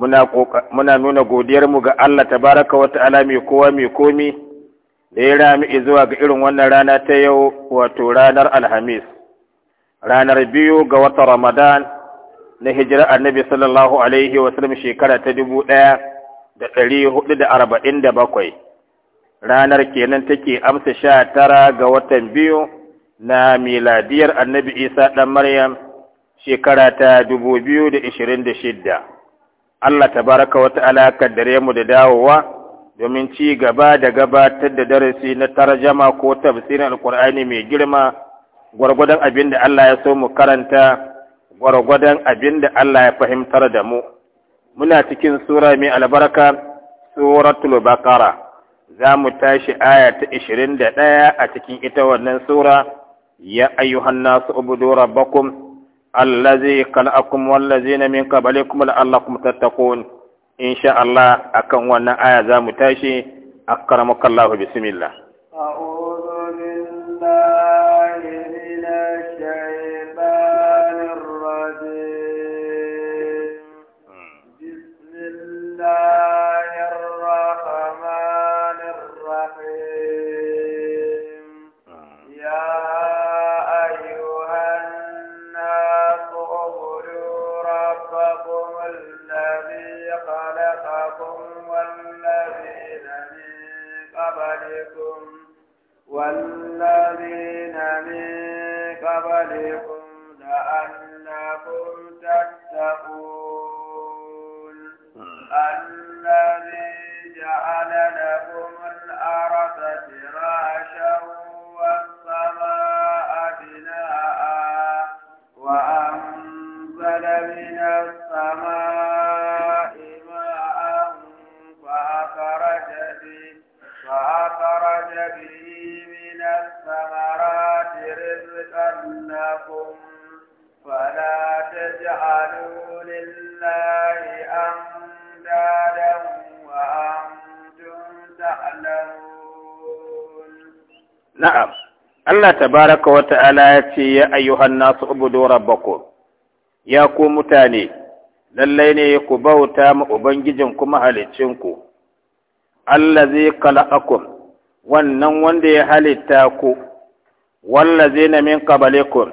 muna nuna godiyarmu ga Allah tabaraka wa ta'ala mai kowa mai komi da ya rami zuwa ga irin wannan rana ta yau wato ranar alhamis ranar biyu ga wata ramadan na hijira annabi sallallahu alaihi wa sallam shekara ta dubu ɗaya da ɗari hudu da arba'in da bakwai ranar kenan take amsa sha tara ga watan biyu na miladiyar annabi isa ɗan maryam shekara ta dubu biyu da ishirin da shidda Allah ta baraka wata alaƙa dare mu da dawowa domin ci gaba da gabatar da darasi na tarjama ko tafsirin alkur'ani mai girma gwargwadon abin da Allah ya so mu karanta gwargwadon abin da Allah ya fahimtar da mu muna cikin sura mai albarka suratul baqara za mu tashi aya ta ɗaya a cikin ita wannan sura ya ayyuhan nasu ubudu rabbakum allazi khalaqakum wallazina min qablikum la'allakum tattaqun insha Allah akan wannan aya zamu tashi akramakallahu bismillah بكم لعلكم تتقون الذي جعل لكم الأرض فراشا na'am Allah tabaraka wata ala ya ce ya ayyuhan nasu ubudu rabbakum ya ku mutane lallai ne ku bauta ma ubangijin kuma halicinku zai khalaqakum wannan wanda ya halitta ku na min qablikum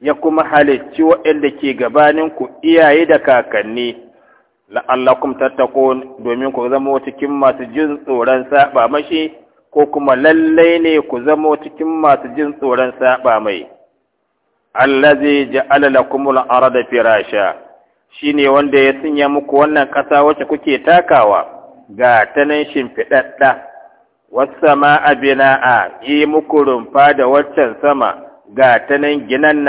ya kuma halicci waɗanda ke gabaninku iyaye da kakanni la'allakum tattaqun domin ku zama cikin masu jin tsoron saɓa mashi ko kuma lallai ne ku zamo cikin masu jin tsoron saba mai allazi ja'ala lakumul arda firasha shine wanda ya sanya muku wannan ƙasa wacce kuke takawa ga ta nan shimfiɗaɗɗa wasama abina'a yi muku rumfa da waccan sama ga ta nan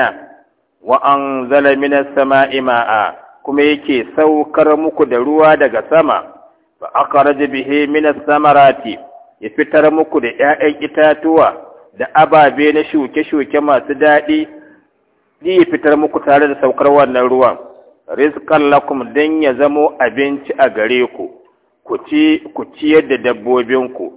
wa an zala minas sama'i ma'a kuma yake saukar muku da ruwa daga sama fa akhraj bihi minas samarati ya fitar muku da ‘ya'yan itatuwa da ababe na shuke-shuke masu daɗi, ni ya fitar muku tare da saukar wannan ruwan, rizkan lakum don ya zamo abinci a gare ku, ku ci, yadda ciyar da dabbobinku,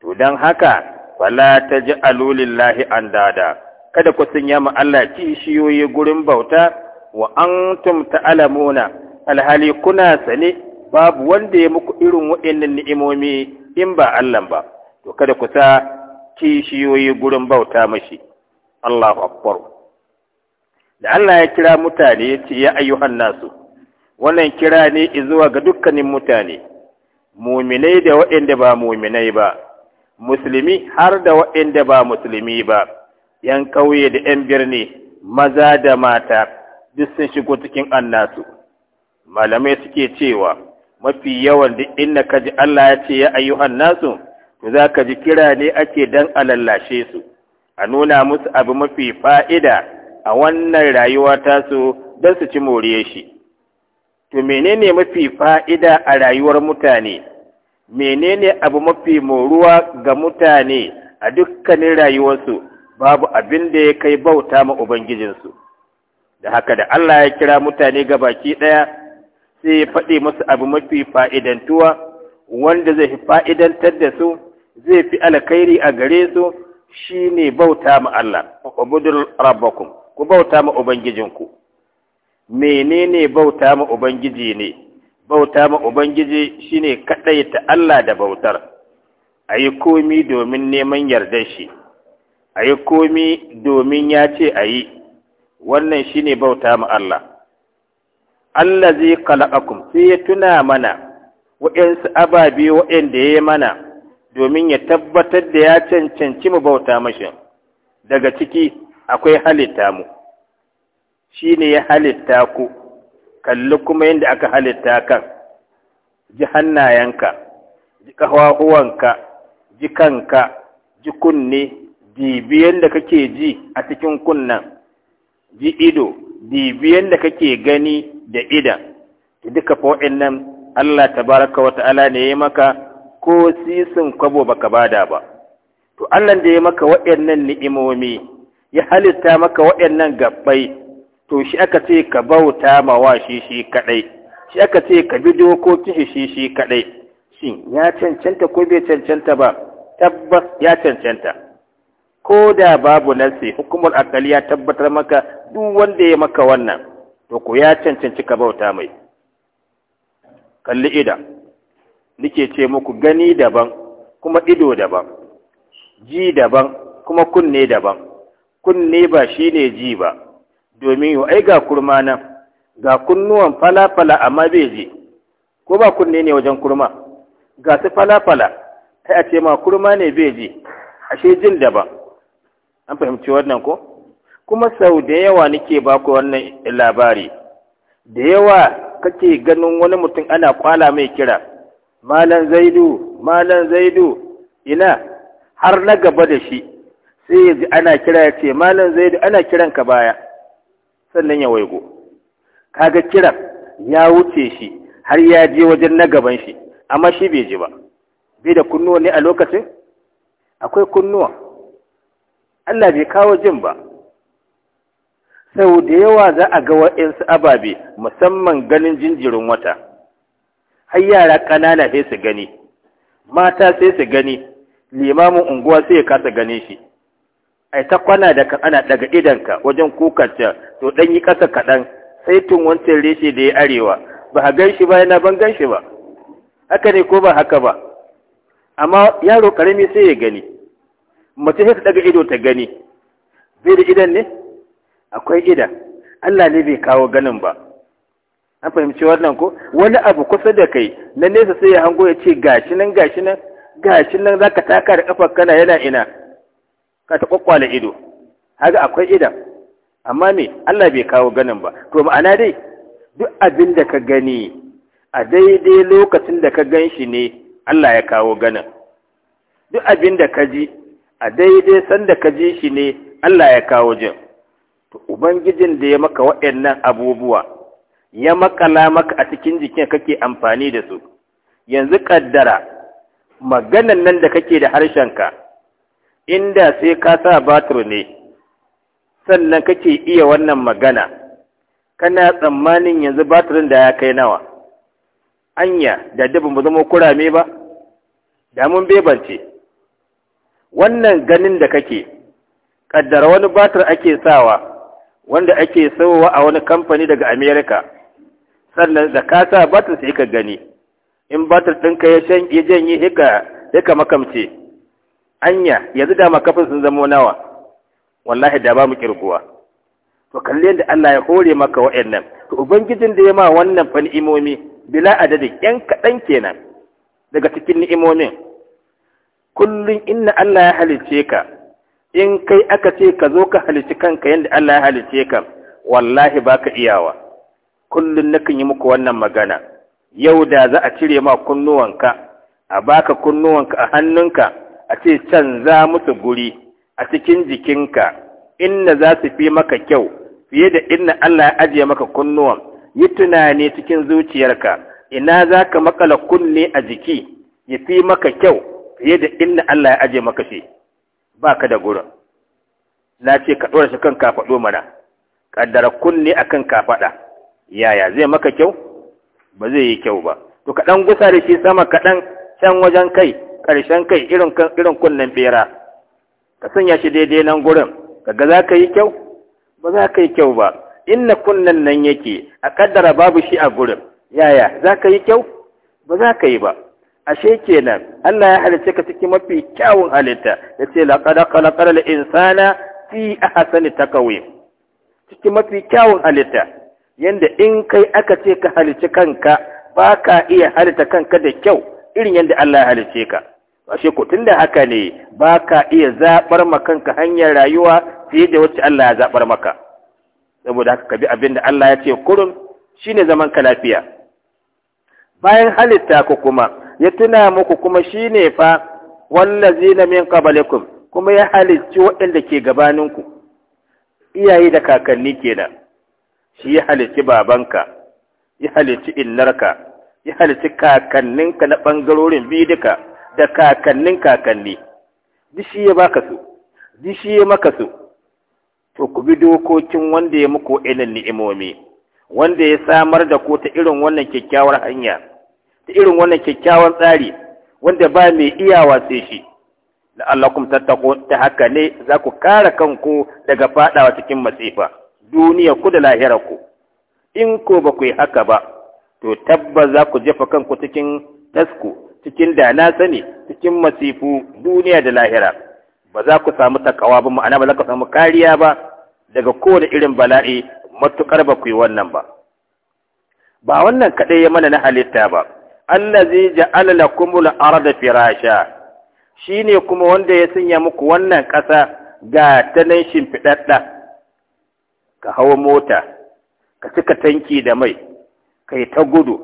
to don haka, fala ta ji alulillahi an dada, kada ku sun yama Allah kishiyoyi gurin bauta, wa an tum ta'alamuna, alhali kuna sane, babu wanda ya muku irin waɗannan ni'imomi in ba Allah ba to kada ku sa kishiyoyi gurin bauta mashi Allahu akbar da Allah ya kira mutane ya ce ya ayyuhan nasu wannan kira ne izuwa ga dukkanin mutane muminai da waɗanda ba muminai ba musulmi har da waɗanda ba musulmi ba yan ƙauye da yan birni maza da mata duk sun shigo cikin annasu malamai suke cewa mafi yawan duk inna ka ji Allah ya ce ya ayyuhan nasu to za ka ji kira ne ake dan a lallashe su a nuna musu abu mafi fa'ida a wannan rayuwa tasu don su ci more shi to menene mafi fa'ida a rayuwar mutane menene abu mafi moruwa ga mutane a dukkanin rayuwarsu babu abin da ya kai bauta ma ubangijinsu da haka da Allah ya kira mutane ga baki ɗaya sai ya faɗi musu abu mafi fa'idantuwa wanda zai fi fa'idantar da su zai fi alkhairi a gare su shi ne bauta ma Allah, ubudul rabbakum, ku bauta ma Ubangijinku. Menene bauta ma Ubangiji ne, bauta ma Ubangiji shi ne ta Allah da bautar, a yi komi domin neman yardar shi, a yi komi domin ya ce a yi, wannan shi ne bauta ma Allah. Allah zai khalaqakum sai ya tuna mana waɗansu ababe waɗanda ya yi mana domin ya tabbatar da ya cancanci mu bauta mashin daga ciki akwai halitta mu shi ne ya halitta ku kalli kuma yadda aka halitta kan ji hannayenka ji ƙahuwanka ji kanka ji kunne dibiyan da kake ji a cikin kunnan ji ido dibiyan da kake gani da ida duka fa'in nan Allah tabaraka wa ta'ala ne ya maka ko sisin kwabo baka bada ba to Allah da ya maka wa'annan ni'imomi ya halitta maka waɗannan gabbai to shi aka ce ka bauta ma wa shi shi kadai shi aka ce ka bi dokokin shi shi kadai shin ya cancanta ko bai cancanta ba tabbas ya cancanta ko da babu nasi hukumar akali ya tabbatar maka duk wanda ya maka wannan to ku ya cancanci ka bauta mai kalli ida nike ce muku gani daban kuma ido daban ji daban kuma kunne daban kunne ba shine ji ba domin yau ai ga kurma nan ga kunnuwan falafala amma bai ji ko ba kunne ne wajen kurma ga su falafala kai a ce ma kurma ne bai ji ashe jin daban an fahimci wannan ko kuma sau da yawa nake ku wannan labari da yawa kake ganin wani mutum ana kwala mai kira malan zaidu malan zaidu ina har na gaba da shi sai ya ji ana kira ya ce malan zaidu ana kiran ka baya sannan ya waigo kaga kiran ya wuce shi har ya je wajen na gaban shi amma shi bai ji ba bai da kunnuwa ne a lokacin akwai kunnuwa Allah bai kawo jin ba sau da yawa za a ga wa'insu ababe musamman ganin jinjirin wata har yara ƙanana sai su gani mata sai su gani limamin unguwa sai ya kasa ganin shi ai ta kwana da ka ana daga idanka wajen kukanta to dan yi ƙasa kaɗan sai tun wancan reshe da ya arewa ba a gan shi ba yana ban gan shi ba haka ne ko ba haka ba amma yaro karami sai ya gani mace sai ta daga ido ta gani bai da idan ne akwai idan Allah ne bai kawo ganin ba an fahimci wannan ko wani abu kusa da kai na nesa sai ya hango ya ce gashi nan gashi nan gashi nan zaka taka da kafar kana yana ina ka ta kwakwala ido haka akwai idan amma me Allah bai kawo ganin ba to ma'ana dai duk abin da ka gani a daidai lokacin da ka gan shi ne Allah ya kawo ganin duk abin da ka ji a daidai sanda ka ji shi ne Allah ya kawo jin to ubangijin da ya maka waɗannan abubuwa ya makala maka a cikin jikin kake amfani da su yanzu kaddara maganan nan da kake da harshenka inda sai ka sa batir ne sannan kake iya wannan magana kana tsammanin yanzu batirin da ya kai nawa anya da dabin ba zama kurame ba damun bebance wannan ganin da kake Ƙaddara wani batir ake sawa wanda ake sayowa a wani kamfani daga Amerika sannan da ka sa batir sai ka gani in batir ɗinka ya ya janye hika hika makamce anya yanzu da makafin sun zamo nawa wallahi da ba mu kirguwa to kalle da Allah ya hore maka wa'annan to ubangijin da ya ma wannan fa ni'imomi bila adadin yan kaɗan kenan daga cikin ni'imomin kullum inna Allah ya halicce ka in kai aka ce ka zo ka halici kanka yadda Allah ya halice ka wallahi baka iyawa kullun nakan yi muku wannan magana yau da za a cire ma kunnuwanka a baka kunnuwanka a hannunka a ce canza musu guri a cikin jikinka inna za su fi maka kyau fiye da inna Allah ya ajiye maka kunnuwan yi tunani cikin zuciyarka ina za ka makala kunne a jiki ya fi maka kyau fiye da inna Allah ya ajiye maka shi ba ka da gurin na ce ka ɗora shi kan kafaɗo mana ƙaddara kunne a kan kafaɗa yaya zai maka kyau ba zai yi kyau ba to kaɗan gusa da shi sama kaɗan can wajen kai ƙarshen kai irin kunnen bera ka sanya shi daidai nan gurin kaga za ka yi kyau ba za ka yi kyau ba inna kunnen nan yake a ƙaddara babu shi a gurin yaya za ka yi kyau ba za ka yi ba ashe kenan Allah ya halice ka cikin mafi kyawun halitta yace laqad khalaqal insana fi ahsani taqwim cikin mafi kyawun halitta yanda in kai aka ce ka halicci kanka baka iya halitta kanka da kyau irin yanda Allah ya halicce ka ashe ko tunda haka ne baka iya zabar kanka hanyar rayuwa fiye da wacce Allah ya zabar maka saboda haka ka bi abin da Allah ya ce kurun shine zaman ka lafiya bayan halitta ko kuma ya tuna muku kuma shi ne fa wallazina min qablikum kuma ya halicci waɗanda ke gabaninku iyaye da kakanni kenan shi ya halicci babanka ya halicci innarka ya halicci kakanninka na ɓangarorin biyu duka da kakannin kakanni duk shi ya baka su duk ya maka su to ku bi dokokin wanda ya muku wa'inan ni'imomi wanda ya samar da ko ta irin wannan kyakkyawar hanya da irin wannan kyakkyawan tsari wanda ba mai iya sai shi la'allakum tattaqu ta haka ne za ku kare kanku daga fadawa cikin masifa duniya ku da lahira ku in ko ba ku yi haka ba to tabbas za ku jefa kanku cikin tasku cikin da na sani cikin masifu duniya da lahira ba za ku samu takawa ba ma'ana ba za ku samu kariya ba daga kowane irin bala'i matukar ba ku yi wannan ba ba wannan kaɗai ya mana na halitta ba allazi ja'ala lakumul arda firasha Shi ne kuma wanda ya sanya muku wannan ƙasa ga tanan shimfiɗaɗɗa ka hawo mota ka cika tanki da mai kai ta gudu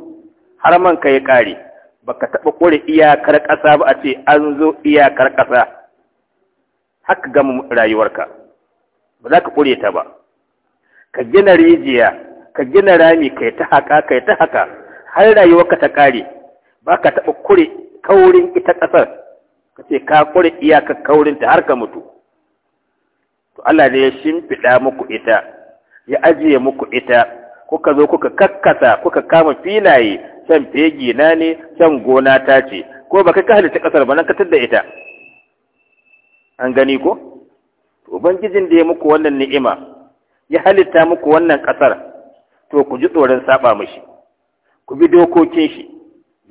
har man ka yi ƙari ba ka taɓa ƙure iyakar ƙasa ba a ce an zo iyakar ƙasa haka gama rayuwarka ba za ka ƙure ta ba ka gina rijiya ka gina rami ka yi ta haka ka ta haka har rayuwarka ta kare ba ka taɓa kure kaurin ita ƙasar ka ce ka kure iyakar ta har ka mutu to Allah ne ya shimfiɗa muku ita ya ajiye muku ita kuka zo kuka kakkasa kuka kama filaye can fegi na ne can gona ta ce ko ba kai ka halitta ƙasar ba nan ka da ita an gani ko ubangijin da ya muku wannan ni'ima ya halitta muku wannan ƙasar to ku ji tsoron saba mishi ku bi dokokin shi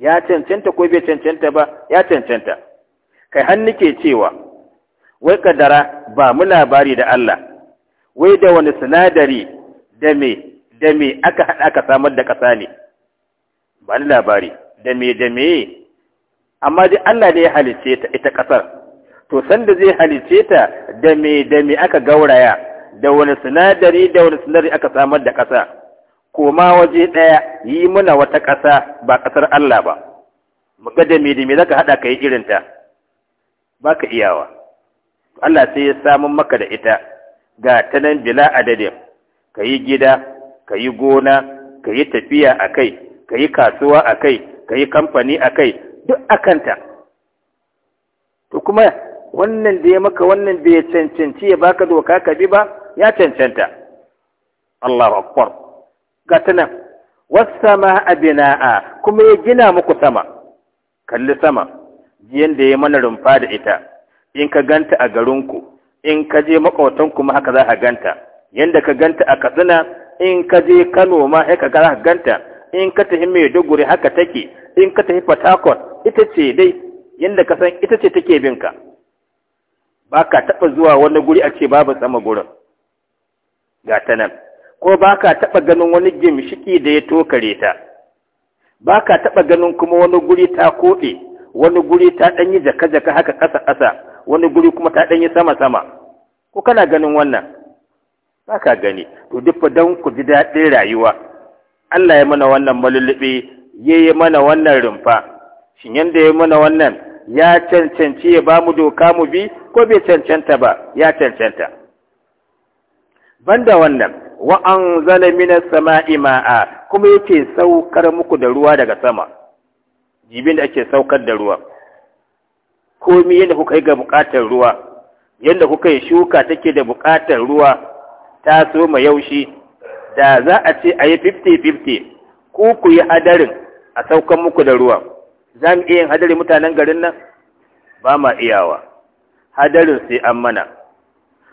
ya cancanta ko bai cancanta ba ya cancanta kai har nake cewa wai kadara ba mu labari da Allah wai da wani sinadari da me da me aka haɗa aka samar da ƙasa ne ba ni labari da me da me amma dai Allah ne ya halice ta ita ƙasar to sanda zai halice ta da me da me aka gauraya da wani sinadari da wani sinadari aka samar da ƙasa koma waje ɗaya yi mana wata ƙasa ba ƙasar Allah ba mu ga da me za ka haɗa ka yi irinta ba ka iyawa Allah sai ya samun maka da ita ga ta nan bila adadin ka yi gida ka yi gona ka yi tafiya a kai ka yi kasuwa a kai ka yi kamfani a kai duk a kanta to kuma wannan da ya maka wannan da ya cancanci ya baka doka ka bi ba ya cancanta Allah akbar ga tunan wasama abina'a kuma ya gina muku sama kalli sama yadda ya mana rumfa da ita in ka ganta a garinku in ka je makwatan kuma haka za a ganta yadda ka ganta a katsina in ka je kano ma haka za a ganta in ka tafi maiduguri haka take in ka tafi fatakon ita ce dai yadda ka san ita ce take ka. ba ka taɓa zuwa wani guri a ce babu sama gurin ga ta ko ba ka taɓa ganin wani gimshiki da ya tokare ta ba ka taɓa ganin kuma wani guri ta koɗe wani guri ta ɗanyi jaka-jaka haka ƙasa-ƙasa wani guri kuma ta ɗanyi sama-sama ko kana ganin wannan ba ka gani to duk don ku ji daɗin rayuwa Allah ya mana wannan malulluɓe ya yi mana wannan rumfa shin yanda ya mana wannan ya cancanci ya ba mu doka mu bi ko bai cancanta ba ya cancanta banda wannan wa anzala minas sama'i ma'a kuma yake saukar muku da ruwa daga sama jibin da ake saukar da ruwa komi yadda kuka yi ga bukatar ruwa yadda kuka yi shuka take da bukatar ruwa ta so ma yaushi da za a ce a yi 50-50 ku ku yi hadarin a saukar muku da ruwa za mu iya yin hadarin mutanen garin nan ba ma iyawa hadarin sai an mana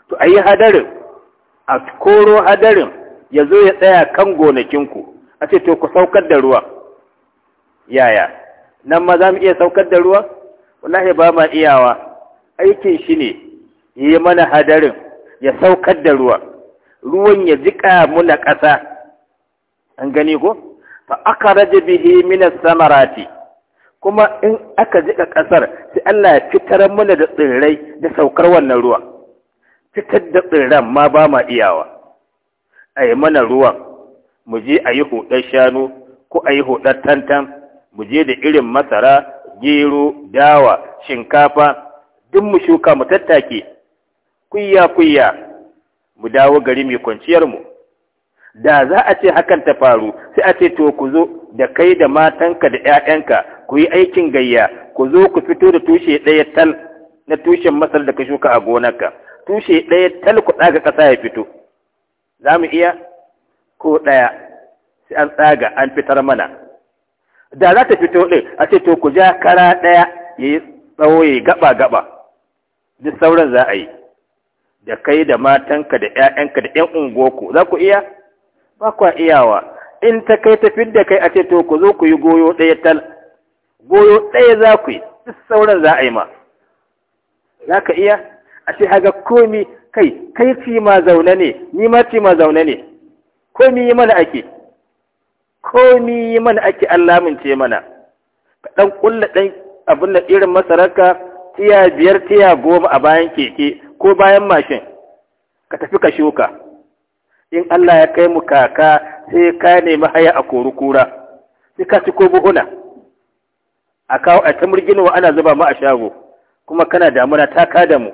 to a yi hadarin a koro hadarin ya zo ya tsaya kan gonakinku a ce to ku saukar da ruwa yaya nan ma za mu iya saukar da ruwa wallahi ba ma iyawa aikin shi ne yi mana hadarin ya saukar da ruwa ruwan ya jiƙa muna ƙasa an gani ko fa aka raje bihi min samarati kuma in aka jiƙa ƙasar sai Allah ya fitar mana da tsirrai da saukar wannan ruwa fitar da tsirran ma ba ma iyawa a yi mana ruwan mu je a yi hudar shanu ko a yi hudar tantan mu je da irin masara gero dawa shinkafa duk mu shuka mu tattake kuyya kuyya mu dawo gari mai kwanciyar mu da za a ce hakan ta faru sai a ce to ku zo da kai da matanka da 'ya'yanka ku yi aikin gayya ku zo ku fito da tushe ɗaya tal na tushen masar da ka shuka a gonarka tushe ɗaya talkuɗa ga ƙasa ya fito za mu iya ko ɗaya sai an tsaga an fitar mana da za ta fito ɗin a ce to ku ja kara ɗaya ya yi tsawo ya gaba-gaba duk sauran za a yi da kai da matanka da ‘ya'yanka da ‘yan ungoku za ku iya ba kwa iyawa in ta kai ta da kai a ce to ku zo ku yi goyo ɗaya tal goyo ɗaya za ku yi duk sauran za a yi ma za ka iya a ce haga komi kai kai ci ma zaune ne ni ma ci ma zaune ne komi yi mana ake komi yi mana ake Allah mun ce mana ka dan kulla dan abin da irin masaraka tiya biyar tiya goma a bayan keke ko bayan mashin ka tafi ka shuka in Allah ya kai mu kaka sai ka nemi haya a kori kura sai ka ci ko buhuna a kawo a tamurgin wa ana zuba mu a shago kuma kana damuna ta ka da mu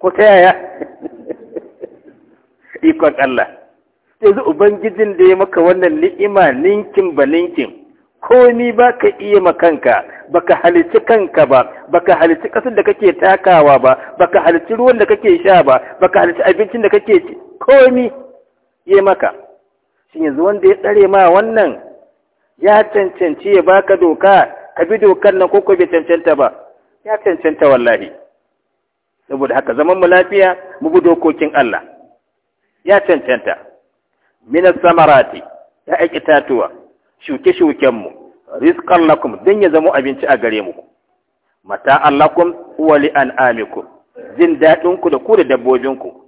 ko ta yaya ikon Allah yanzu ubangijin da ya maka wannan ni'ima ninkin ba ninkin ko ni ba ka iya makanka baka halici kanka ba baka halici ƙasar da kake takawa ba baka halici ruwan da kake sha ba baka halici abincin da kake ci ko ni ya maka shi yanzu wanda ya tsare ma wannan ya cancanci ya baka doka ka bi dokar nan ko ko bai cancanta ba ya cancanta wallahi saboda haka zaman mu lafiya mu bi dokokin Allah ya cancanta minas samarati ya aiki tatuwa. shuke-shuken mu rizqan lakum dan ya zama abinci a gare mu mata allakum wa li an'amikum jin dadin ku da ku da dabbobin ku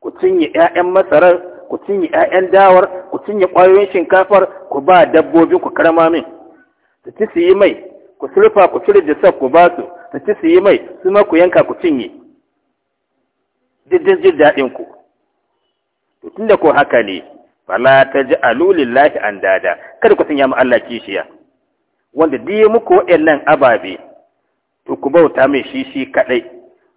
ku cinye ƴaƴan masarar ku cinye ƴaƴan dawar ku cinye ƙwayoyin shinkafar ku ba dabbobi ku karama min ta ci su yi mai ku sulfa ku cire da ku ba su ta ci su yi mai su ma ku yanka ku cinye diddin jin daɗin ku tun da ko haka ne fala ji an andada kada ku sanya Allah kishiya wanda diye muku waɗannan ababe to ku bauta mai shi shi kadai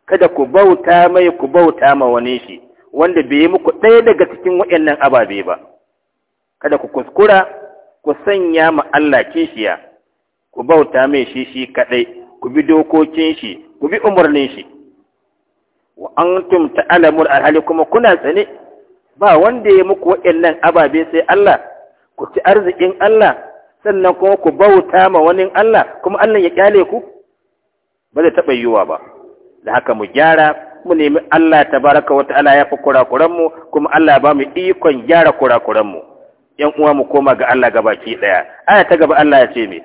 kada ku bauta mai ku bauta ma wani shi wanda bai yi muku ɗaya daga cikin waɗannan ababe ba kada ku kuskura ku sanya ma Allah kishiya ku bauta mai shi shi kadai ku bi dokokin shi ku bi umarnin shi wa antum ta'lamun alhali kuma kuna tsane ba wanda ya muku waɗannan ababe sai Allah ku ci arzikin Allah sannan kuma ku bauta ma wani Allah kuma Allah ya kyale ku ba zai taɓa yiwuwa ba da haka mu gyara mu nemi Allah tabaraka wa ta'ala ya fi kurakuran mu kuma Allah ba mu ikon gyara kurakuran mu yan uwa mu koma ga Allah gabaki daya aya ta gaba Allah ya ce me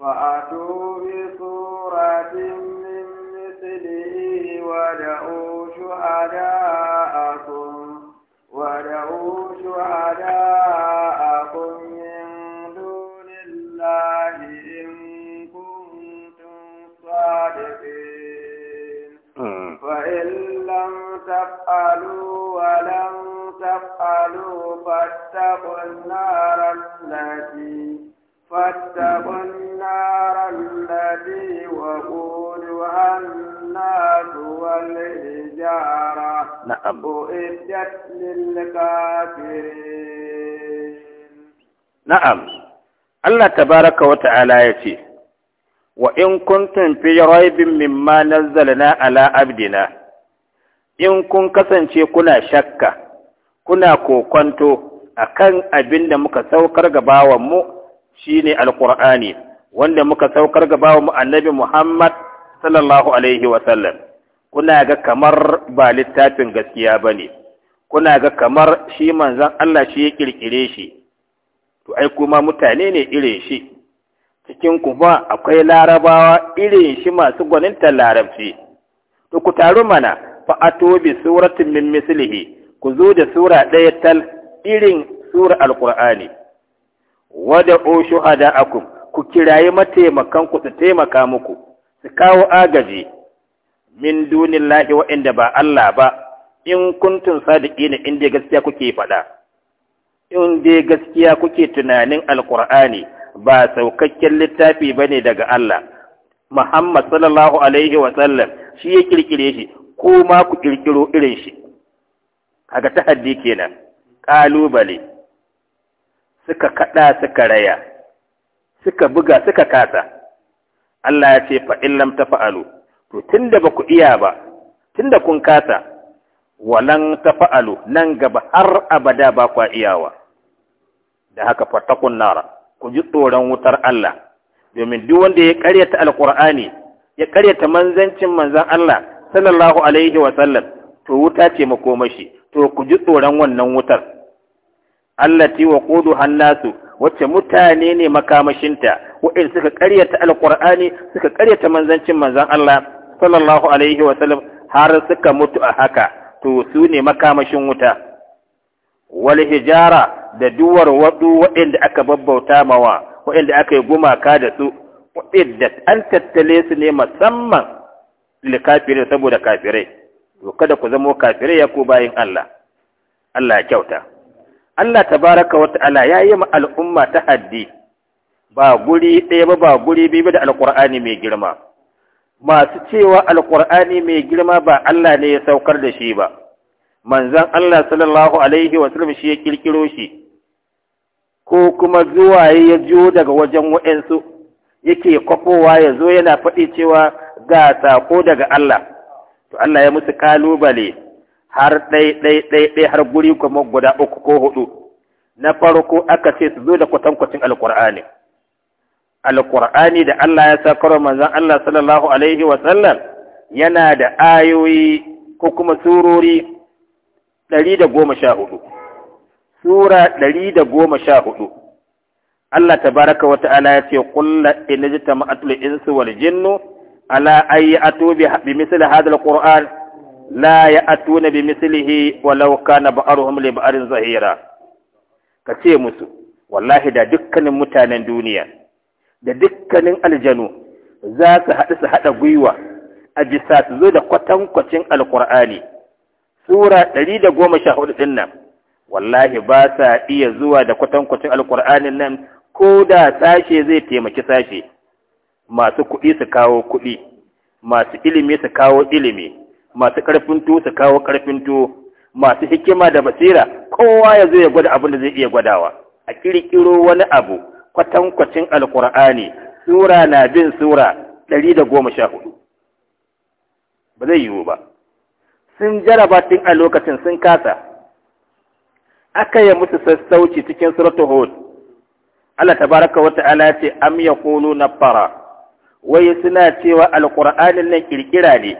فأتوا بسورة من مثله ودعوا شهداءكم ودعوا شهداءكم من دون الله إن كنتم صادقين فإن لم تفعلوا ولم تفعلوا فاتقوا النار التي فاتقوا النار الذي وقودها الناس والحجارة نعم أعدت للكافرين نعم الله تبارك وتعالى يتي وإن كنتم في ريب مما نزلنا على عبدنا إن كن كسنشي كنا شك كنا كوكنتو akan abin da muka saukar gabawanmu mu shine Alƙur'ani, wanda muka saukar ga bawo annabi Muhammad sallallahu alaihi kuna ga kamar ba littafin gaskiya bane kuna ga kamar shi manzan Allah shi ya ƙirƙire shi to ai kuma mutane ne irin shi cikin kuma akwai larabawa irin shi masu gwaninta larabci to ku taru mana fa ato bi suratin min ku zo da sura ɗaya tal irin sura Alƙur'ani. wada o a akum ku kirayi mataimakanku su taimaka muku su kawo agaji min dunillahi wa'inda ba Allah ba in kuntun sadiqina in inda gaskiya kuke faɗa in dai gaskiya kuke tunanin Alƙur'ani, ba saukakken littafi ba ne daga Allah Muhammad sallallahu alaihi wa sallam shi ya kirkire shi ko ma ku kirkiro irin shi kaga tahaddi kenan kalubale suka kaɗa suka raya suka buga suka kasa Allah ya ce fa'in lam ta to tunda ba ku iya ba tunda kun kasa walan ta nan gaba har abada ba iya iyawa da haka fatakun nara ku ji tsoron wutar Allah domin duk wanda ya karyata alkur'ani ya karyata manzancin manzan Allah sallallahu alaihi wa sallam, to wuta ce makomashi to ku ji tsoron wannan wutar allati wa an hannasu wacce mutane ne makamashinta wa'in suka karyata alqur'ani suka karyata manzancin manzan Allah sallallahu alaihi wa sallam har suka mutu a haka to su ne makamashin wuta wal hijara da duwar wadu wa'inda aka babbauta mawa wa'inda aka yi gumaka da su wa'inda an tattale su ne musamman kafirai saboda kafirai to kada ku zamo kafirai ya ku bayin Allah Allah ya kyauta Allah ta baraka wa ta'ala ya yi al'umma ta haddi ba guri ɗaya ba ba guri biyu ba da alƙur'ani mai girma masu cewa alƙur'ani mai girma ba Allah ne ya saukar da shi ba manzon Allah sallallahu alaihi wa sallam shi ya kirkiro shi ko kuma zuwa ya jiyo daga wajen waɗansu yake kwafowa ya zo yana faɗi cewa ga sako daga Allah to Allah ya musu kalubale har ɗai har guri kuma guda uku ko hudu na farko aka ce su zo da kwatankwacin alkur'ani Alƙur'ani da Allah ya sa karo manzon Allah sallallahu alaihi wa sallam yana da ayoyi ko kuma surori ɗari da goma sha hudu sura ɗari da goma sha hudu Allah tabaraka wa ta'ala ya ce kulla in jitama'atul insu wal jinnu ala ayyi atubi bi misli hadha al la ya na bi mislihi walau kana ba'aruhum li ba'arin zahira ka ce musu wallahi da dukkanin mutanen duniya da dukkanin aljanu za su haɗu su haɗa gwiwa a bisa su zo da kwatankwacin alkur'ani sura ɗari da goma sha hudu ɗin nan wallahi ba sa iya zuwa da kwatankwacin alkur'anin nan ko da sashe zai taimaki sashe masu kuɗi su kawo kuɗi masu ilimi su kawo ilimi masu ƙarfin tuwo su kawo ƙarfin tuwo masu hikima da basira kowa ya zo ya gwada abin da zai iya gwadawa a ƙirƙiro wani abu kwatankwacin Alƙur'ani, sura na bin sura ɗari da goma sha hudu ba zai yiwu ba sun jaraba tun a lokacin sun kasa aka yi musu sassauci cikin suratul hud Allah tabaraka wa ta'ala ce am yaqulu nafara wai suna cewa alqur'anin nan kirkira ne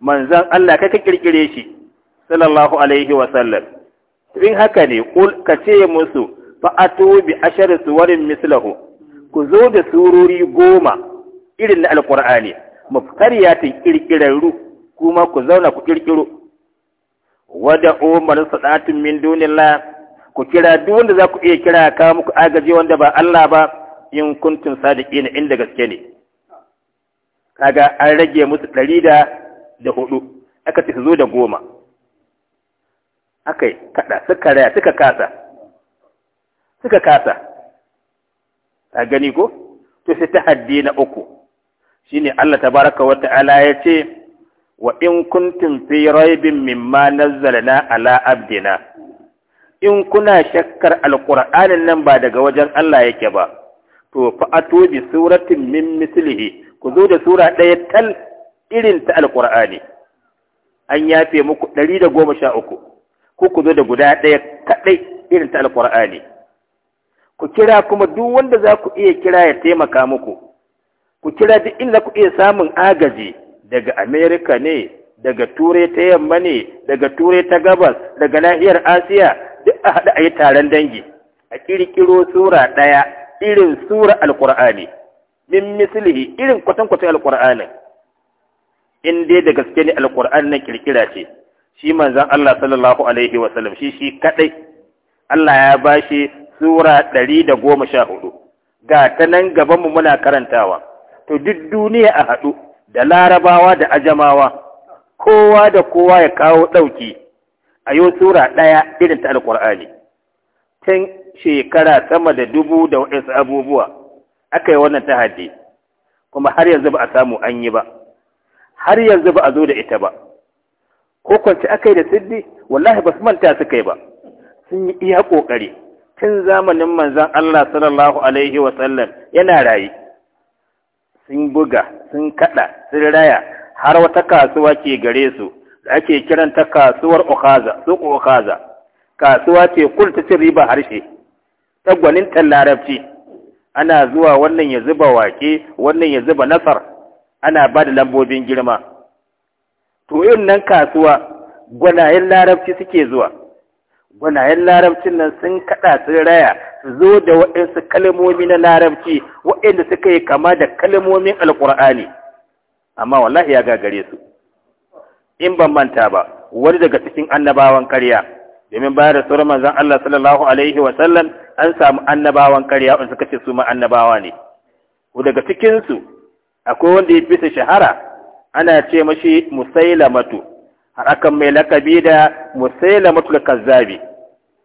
manzon Allah kai ka kirkire shi sallallahu alaihi wa sallam in haka ne kul ka ce musu fa atu bi ashar suwarin mislahu ku zo da surori goma irin na alqur'ani muftariyatin kirkirarru kuma ku zauna ku kirkiro wada umar sadatin min dunillah ku kira duk wanda za ku iya kira ka muku agaji wanda ba Allah ba in kuntum sadiqina inda gaske ne kaga an rage musu ɗari da da hudu aka ce su zo da goma aka yi kada suka raya suka kasa suka kasa a gani ko to sai ta haddi na uku shine Allah tabaraka wa ta'ala ya ce wa in kuntum fi raibin mimma nazzalna ala abdina in kuna shakkar alqur'anin nan ba daga wajen Allah yake ba to fa bi suratin min mislihi ku zo da sura ɗaya tal irin ta alƙur'ani an yafe muku ɗari da goma sha uku ko ku zo da guda ɗaya kaɗai irin ta alƙur'ani ku kira kuma duk wanda za ku iya kira ya taimaka muku ku kira duk inda ku iya samun agaji daga amerika ne daga turai ta yamma ne daga turai ta gabas daga nahiyar asiya duk a haɗu a yi taron dangi a ƙirƙiro sura ɗaya irin sura alƙur'ani min mislihi irin kwatankwatan alƙur'anin in dai da gaske ne alkur'ani na kirkira ce shi manzon Allah sallallahu alaihi wa sallam shi shi kadai Allah ya bashi sura 114 ga ta nan gaban mu muna karantawa to duk duniya a haɗu da larabawa da ajamawa kowa da kowa ya kawo ɗauki a yau sura ɗaya irin ta alkur'ani tun shekara sama da dubu da waɗansu abubuwa aka yi wannan haddi. kuma har yanzu ba a samu an yi ba har yanzu ba a zo da ita ba ko kwanci aka yi da siddi wallahi ba su manta su kai ba sun yi iya ƙoƙari tun zamanin manzan Allah sallallahu alaihi sallam yana rayu sun buga sun kaɗa sun raya har wata kasuwa ke gare su da ake kiranta kasuwar okaza suku okaza kasuwa ce ta cin riba harshe tagwanin tallarabci ana zuwa wannan ya zuba wake wannan ya zuba nasar ana ba da lambobin girma to yin nan kasuwa gwanayen larabci suke zuwa gwanayen larabcin nan sun kaɗa sun raya su zo da waɗansu kalmomi na larabci waɗanda suka yi kama da kalmomin alƙur'ani amma wallahi ya gagare su in ban manta ba wani daga cikin annabawan karya domin bayar da sauran manzon Allah sallallahu alaihi wa sallam an samu annabawan karya wanda suka ce su ma annabawa ne daga cikinsu akwai wanda ya bisa shahara ana ce mashi musailamatu har akan mai lakabi da musailamatu kazzabi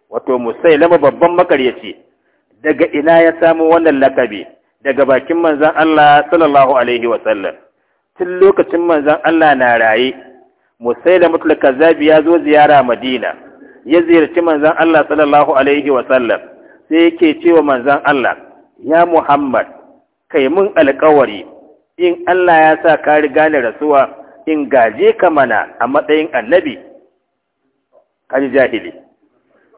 wato musailama babban makaryaci daga ina ya samu wannan lakabi daga bakin manzan Allah sallallahu alaihi wa tun lokacin manzan Allah na raye musailamatu kazzabi ya zo ziyara Madina ya ziyarci manzan Allah sallallahu alaihi wa sallam sai yake cewa manzan Allah ya Muhammad kai mun alƙawari in Allah ya sa ka riga ni rasuwa in gaje ka mana a matsayin annabi kaji jahili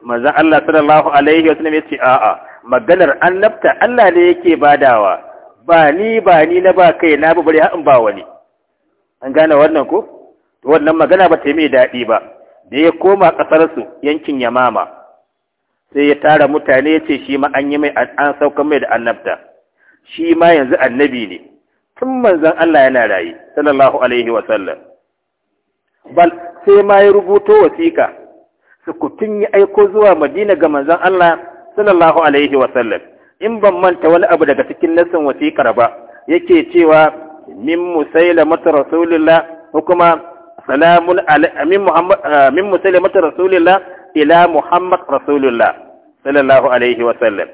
manzo Allah sallallahu alaihi wasallam yace a'a maganar annabta Allah ne yake badawa ba ni ba ni na ba kai na bari har in ba wani an gane wannan ko wannan magana ba ta yi mai daɗi ba da ya koma ƙasarsu yankin yamama sai ya tara mutane ya ce shi ma an yi mai an saukan mai da annabta shi ma yanzu annabi ne tun manzon Allah yana raye sallallahu alaihi wa sallam bal sai ma ya rubuto wasiƙa sukutun ya aiko zuwa Madina ga manzon Allah sallallahu alaihi wa sallam in ban manta wani abu daga cikin nassin wasiƙar ba yake cewa min musailamatu rasulillah ko kuma salamun min muhammad ah, min rasulillah ila muhammad rasulillah sallallahu alaihi wa sallam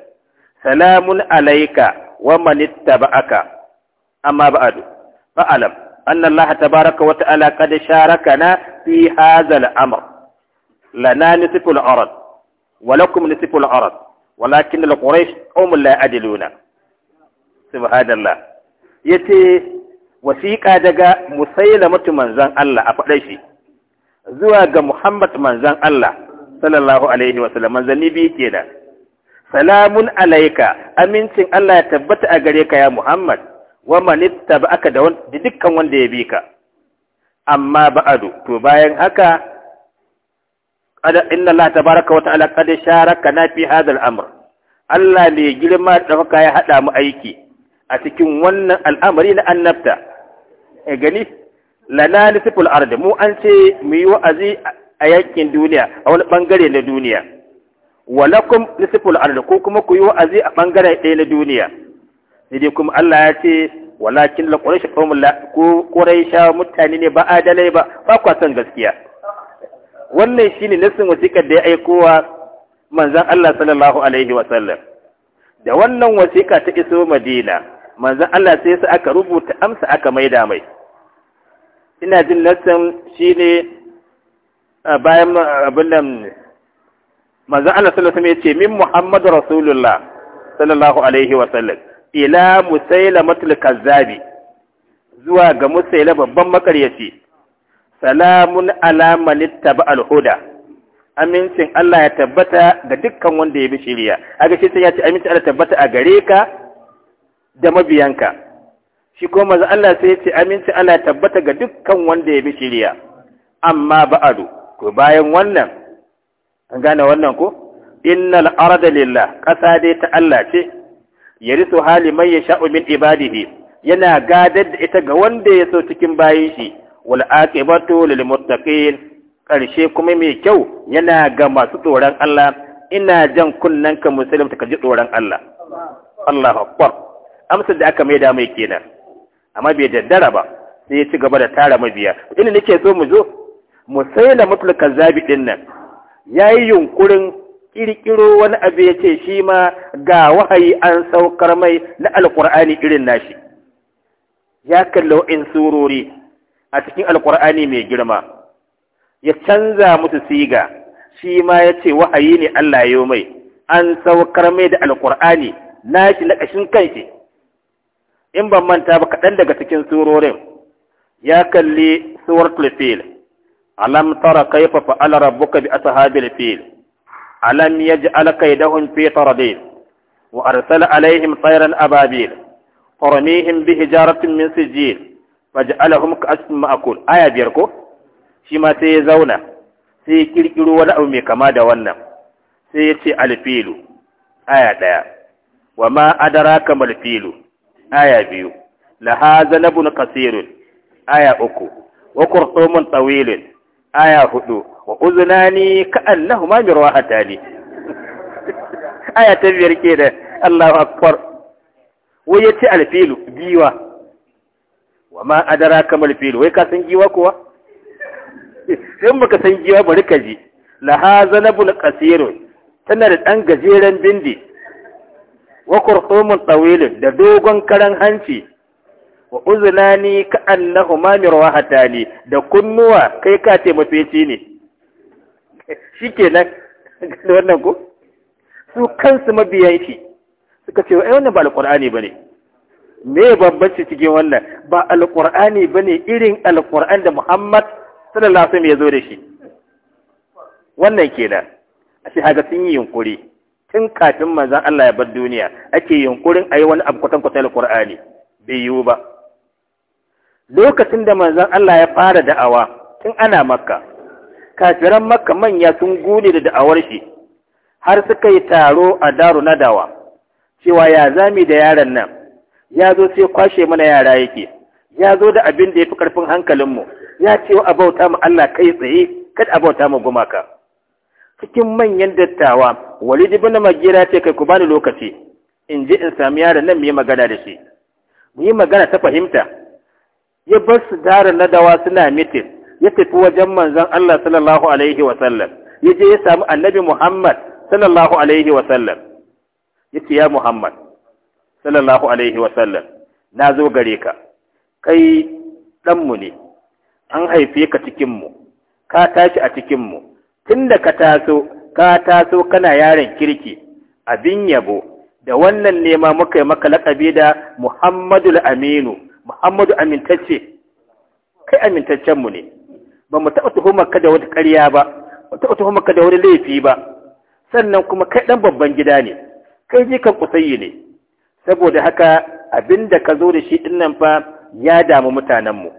salamun alayka wa man ittaba'aka amma ba'adu fa'alam anna Allah tabaraka wa ta'ala qad sharakana fi hadha al-amr lana nisfu al-arad wa lakum nisfu al-arad walakin al-quraish hum la ya'diluna subhanallah ce wasiƙa daga musailamatu manzan Allah a fadai shi zuwa ga Muhammad manzan Allah sallallahu alaihi wa sallam manzanni bi kenan salamun alaika amincin Allah ya tabbata a gare ka ya Muhammad wa man ba da dukkan wanda ya bi ka amma ba'adu to bayan haka inna Allah tabaraka wa ta'ala qad sharaka na fi hadha al-amr Allah ne girma da haka ya hada mu aiki a cikin wannan al'amari na annabta e gani lana nisful ard mu an ce mu yi wa'azi a yankin duniya a wani bangare na duniya walakum nisful ard ko kuma ku yi wa'azi a bangare ɗaya na duniya sai dai kuma Allah ya ce walakin la quraish qawmun la ko quraisha mutane ne ba adalai ba ba kwa san gaskiya wannan shine nasin wasikar da ya aikowa manzon Allah sallallahu alaihi wa sallam da wannan wasika ta iso Madina manzon Allah sai sa aka rubuta amsa aka maida mai ina jin nasin shine bayan abin nan manzon Allah sallallahu alaihi wa sallam ya ce min Muhammadu Rasulullah sallallahu alaihi wa sallam ila musailamatul kazzabi zuwa ga musaila babban makaryaci salamun ala manittaba al-huda amincin Allah ya tabbata ga dukkan wanda ya bi shiriya aga shi sai ya ce amincin Allah tabbata a gare ka da mabiyanka shi ko manzo Allah sai ya ce amincin Allah ya tabbata ga dukkan wanda ya bi shiriya amma ba'adu ko bayan wannan an gane wannan ko innal arda lillah ƙasa dai ta Allah ce yarisu hali ya yasha'u min ibadihi yana gadar da ita ga wanda ya so cikin bayin shi wal aqibatu lil muttaqin karshe kuma mai kyau yana ga masu tsoron Allah ina jan kunnan ka musulmi ta kaji tsoron Allah Allahu akbar amsar da aka maida mai kenan amma bai daddara ba sai ya ci gaba da tara mabiya inda nake so mu zo mu sai musaila mutlaka zabi din nan yayi yunkurin kirkiro wani abu ya ce shi ma ga wahayi an saukar mai na alkur'ani irin nashi ya kalla in surori a cikin alkur'ani mai girma ya canza musu siga shi ma ya ce wahayi ne Allah ya mai an saukar mai da alkur'ani nashi na ƙashin kanshi in ban manta ba kaɗan daga cikin surorin ya kalli suwar fil alam tara kaifa fa'ala rabbuka bi ashabil fil alam yaj'al kaydahum fi taradil wa arsala alaihim tayran ababil tarmihim bi hijaratin min sijil faj'alahum ka'asfin ma'kul aya biyar ko shi ma sai ya zauna sai ya kirkiro wani abu kama da wannan sai ya ce alfilu aya daya wa ma adraka mal filu aya biyu na zanabun kasirun aya uku wa qurtumun tawilun aya hudu wa uzunani ka annahu ma a tali aya ta biyar ke da Allahu akbar wai yace alfilu giwa wa ma adara mal filu wai ka san giwa kuwa in baka san giwa bari ka ji laha zanabul kasiru tana da ɗan gajeren bindi wa kurhumun tsawilin da dogon karan hanci wa uzunani ka annahu ma mirwahatani da kunnuwa kai ka ce mafici ne shikenan wannan ko su kansu mabiyan shi suka ce ai wannan ba alqur'ani bane me bambanci cikin wannan ba alqur'ani bane irin alqur'an da Muhammad sallallahu alaihi wasallam ya zo da shi wannan kenan shi haka sun yi yunkuri tun kafin manzon Allah ya bar duniya ake yunkurin ayi wani abu kwatan kwatan alqur'ani bai yiwu ba lokacin da manzan Allah ya fara da'awa tun ana makka kafiran makka manya sun gode da da'awar shi har suka yi taro a daru na dawa cewa ya zami da yaran nan ya zo sai kwashe mana yara yake ya zo da abin da ya fi ƙarfin hankalinmu ya ce wa abauta mu Allah kai tsaye kada abauta mu gumaka cikin manyan dattawa walid ibn magira ce kai ku bani lokaci in je in sami yaran nan mu yi magana da shi mu yi magana ta fahimta ya bar su dara nadawa suna mitin ya tafi wajen manzon Allah sallallahu alaihi wa sallam ya je ya samu annabi Muhammad sallallahu alaihi wa sallam ya ce ya Muhammad sallallahu alaihi wa sallam na zo gare ka kai ɗanmu ne an haife ka cikinmu ka tashi a cikinmu tun da ka taso ka taso kana yaron kirki abin yabo da wannan nema muka yi maka laƙabi da Muhammadul Aminu Muhammadu amintacce kai amintaccen mu ne ba mu taɓa tuhumar ka da wata ƙarya ba ba taɓa tuhumar ka da wani laifi ba sannan kuma kai ɗan babban gida ne kai jikan kusayi ne saboda haka abin da ka zo da shi ɗin nan fa ya damu mutanenmu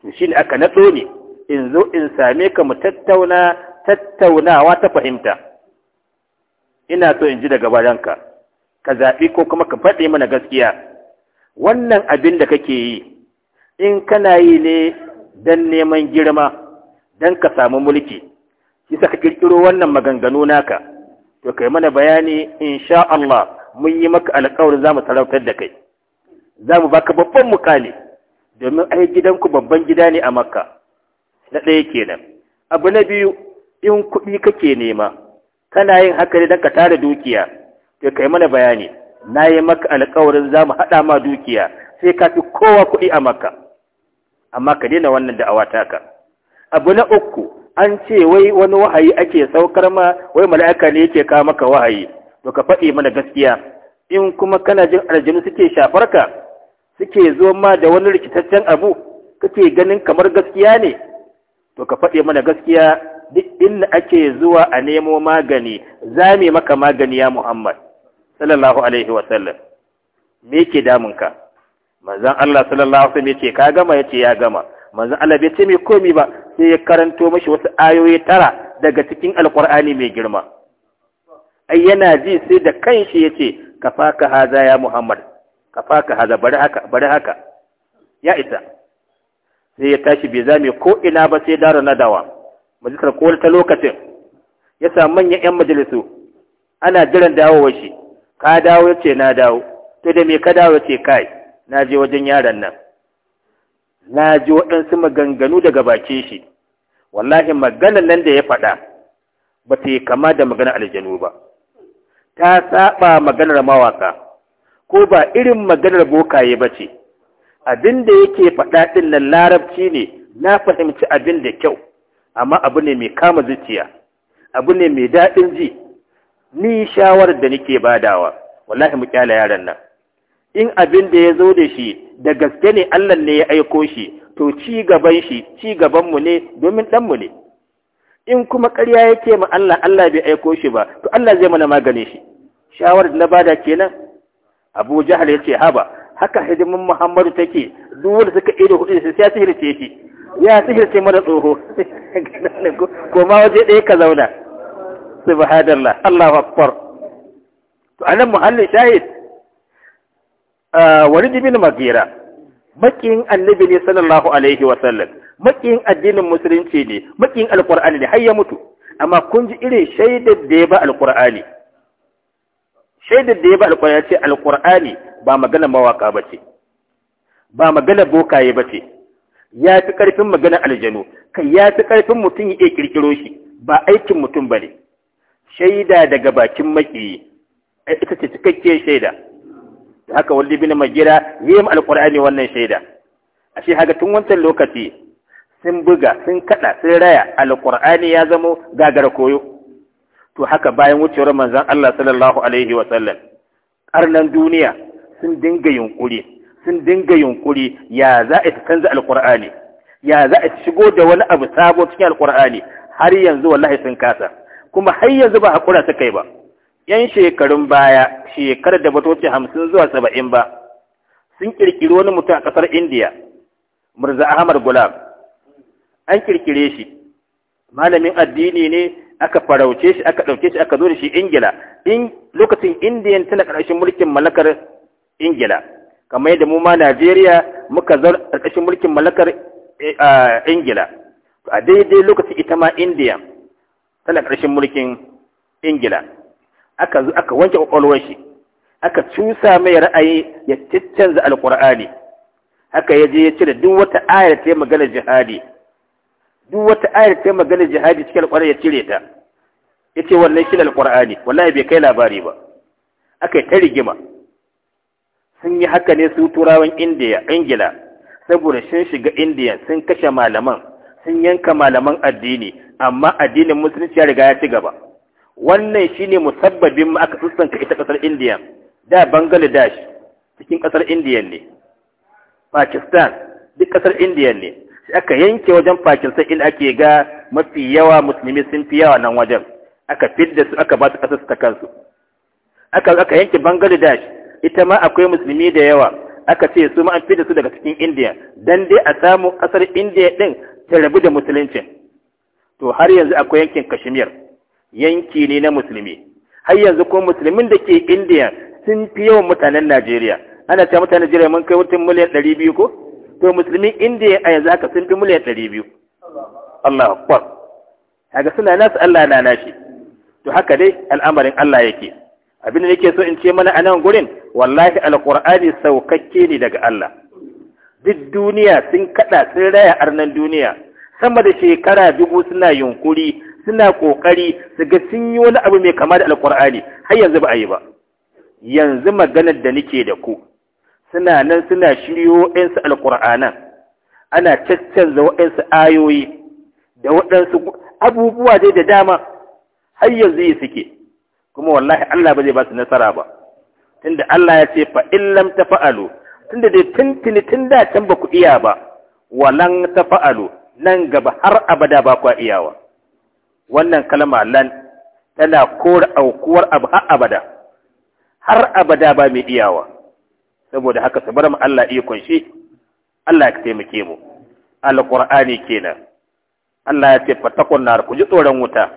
to shi aka naɗo ne in zo in same ka mu tattauna tattaunawa ta fahimta ina so in ji daga bayanka ka zaɓi ko kuma ka faɗi mana gaskiya wannan abin da kake yi in kana yi ne don neman girma don ka samu mulki isa ka kirkiro wannan maganganu naka to kai mana bayani insha Allah mun yi maka alƙawarin za mu sarautar da kai za mu baka babban mukali domin ai gidanku babban gida ne a makka na ɗaya kenan abu na biyu in kuɗi kake nema kana yin haka ne don ka tara dukiya to kai mana bayani na yi maka alkawarin za mu haɗa ma dukiya sai ka fi kowa kuɗi a maka amma ka daina wannan da'awa taka abu na uku an ce wai wani wahayi ake saukar ma wai mala'ika ne yake kawo maka wahayi to ka faɗi mana gaskiya in kuma kana jin aljanu suke shafar ka suke zo ma da wani rikitaccen abu kake ganin kamar gaskiya ne to ka faɗi mana gaskiya duk inda ake zuwa a nemo magani zame maka magani ya Muhammad sallallahu alaihi wa sallam me ke damun ka manzon Allah sallallahu alaihi wasallam ce, ka gama yace ya gama manzon Allah bai ce me komi ba sai ya karanto mashi wasu ayoyi tara daga cikin alqur'ani mai girma ai yana ji sai da kanshi yace kafaka haza ya Muhammad kafaka haza bari haka bari haka ya isa sai ya tashi bai zame ko ina ba sai daro nadawa majalisar kowar ta lokacin ya samu manyan 'yan majalisu ana jiran dawowar shi ka dawo ya ce na dawo to da me ka dawo ya ce kai na je wajen yaron nan na ji waɗansu maganganu daga bakin shi wallahi maganar nan da ya faɗa ba ta yi kama da maganar aljanu ba ta saba maganar mawaka ko ba irin maganar bokaye ba ce abin da yake faɗa ɗin nan larabci ne na fahimci abin da kyau amma abu ne mai kama zuciya abu ne mai daɗin ji ni shawarar da nake badawa wallahi mu kyala yaran nan in abin da ya zo da shi da gaske ne Allah ne ya aiko shi to ci gaban shi ci gaban mu ne domin dan mu ne in kuma ƙarya yake ma Allah Allah bai aiko shi ba to Allah zai mana magane shi shawarar na bada kenan Abu Jahal yace haba haka hidimin Muhammadu take duk wanda suka ido hudu sai ya sihirce shi ya sihirce mana tsoho ko ma waje ɗaya ka zauna subhanallah Allahu akbar to anan muhallin shahid ah, walid bin magira makin annabi ne sallallahu alaihi wa sallam makin addinin musulunci ne makin alqur'ani ne har ya mutu amma kun ji irin shaidar da ya ba alqur'ani shaidar da ya ba alqur'ani ya ce alqur'ani ba magana mawaka ba ce ba magana bokaye ce ya fi karfin magana aljanu kai ya fi karfin mutum ya kirkiro shi ba aikin mutum bane shaida daga bakin maƙiyi ita ce cikakkiyar shaida haka wali bin magira yayin alqur'ani wannan shaida ashe haka tun wancan lokaci sun buga sun kaɗa, sun raya alqur'ani ya zamo gagar koyo to haka bayan wucewar manzon Allah sallallahu alaihi wa sallam karnan duniya sun dinga yunkuri sun dinga yunkuri ya za a canza alqur'ani ya za a shigo da wani abu sabo cikin alqur'ani har yanzu wallahi sun kasa kuma har yanzu ba hakura ta kai ba yan shekarun baya shekarar da batoci hamsin zuwa saba'in ba sun ƙirƙiri wani mutum a ƙasar indiya murza ahmad gulam an ƙirƙire shi malamin addini ne aka farauce shi aka ɗauke shi aka zo da shi ingila in lokacin indiyan tana ƙarƙashin mulkin mallakar ingila kamar yadda mu ma najeriya muka zar ƙarƙashin mulkin mallakar eh, ingila a daidai lokacin ita ma indiya tana ƙarshen mulkin ingila aka wanke kwakwalwar shi aka cusa mai ra'ayi ya ciccanza alƙur'ani haka ya je ya cire duk wata ayar ta magana jihadi duk wata ayar ta magana jihadi cikin alƙwarar ya cire ta ya ce wannan shi alƙur'ani wallahi bai kai labari ba aka yi ta rigima sun yi haka ne su turawan indiya ingila saboda sun shiga indiya sun kashe malaman sun yanka malaman addini amma addinin musulunci ya riga ya ci gaba wannan shine musabbabin aka sussanta ita kasar indiya da Bangladesh cikin kasar indiya ne Pakistan duk kasar indiya ne sai aka yanke wajen Pakistan inda ake ga mafi yawa musulmi sun fi yawa nan wajen aka fidda su aka ba su kasar ta kansu aka aka yanke Bangladesh ita ma akwai musulmi da yawa aka ce su ma an fidda su daga cikin indiya dan dai a samu kasar indiya din ta rabu da musuluncin to har yanzu akwai yankin kashmir yanki ne na musulmi har yanzu ko musulmin da ke indiya sun fi yawan mutanen najeriya ana cewa mutanen najeriya mun kai mutum miliyan ɗari biyu ko to musulmin indiya a yanzu haka sun fi miliyan ɗari biyu allah akbar haka suna nasu allah na nashi to haka dai al'amarin allah yake abin da nake so in ce mana a nan gurin wallahi alqur'ani saukakke ne daga allah duk duniya sun kada sun raya arnan duniya sama da shekara dubu suna yunkuri suna kokari su ga sun yi wani abu mai kama da alkur'ani har yanzu ba a yi ba yanzu maganar da nake da ku suna nan suna shiryo ɗansu alkur'anan ana caccanza waɗansu ayoyi da waɗansu abubuwa dai da dama har yanzu yi suke kuma wallahi Allah ba zai ba su nasara ba tunda Allah ya ce fa illam tafa'alu tunda dai tuntuni tun da can ba ku iya ba walan ta tafa'alu nan gaba har abada ba kwa iyawa wannan kalma lan tana kore aukuwar abu har abada har abada ba mai iyawa saboda haka su mu Allah ikon shi Allah ya taimake mu alqur'ani kenan Allah ya ce fatakon nar ku ji tsoron wuta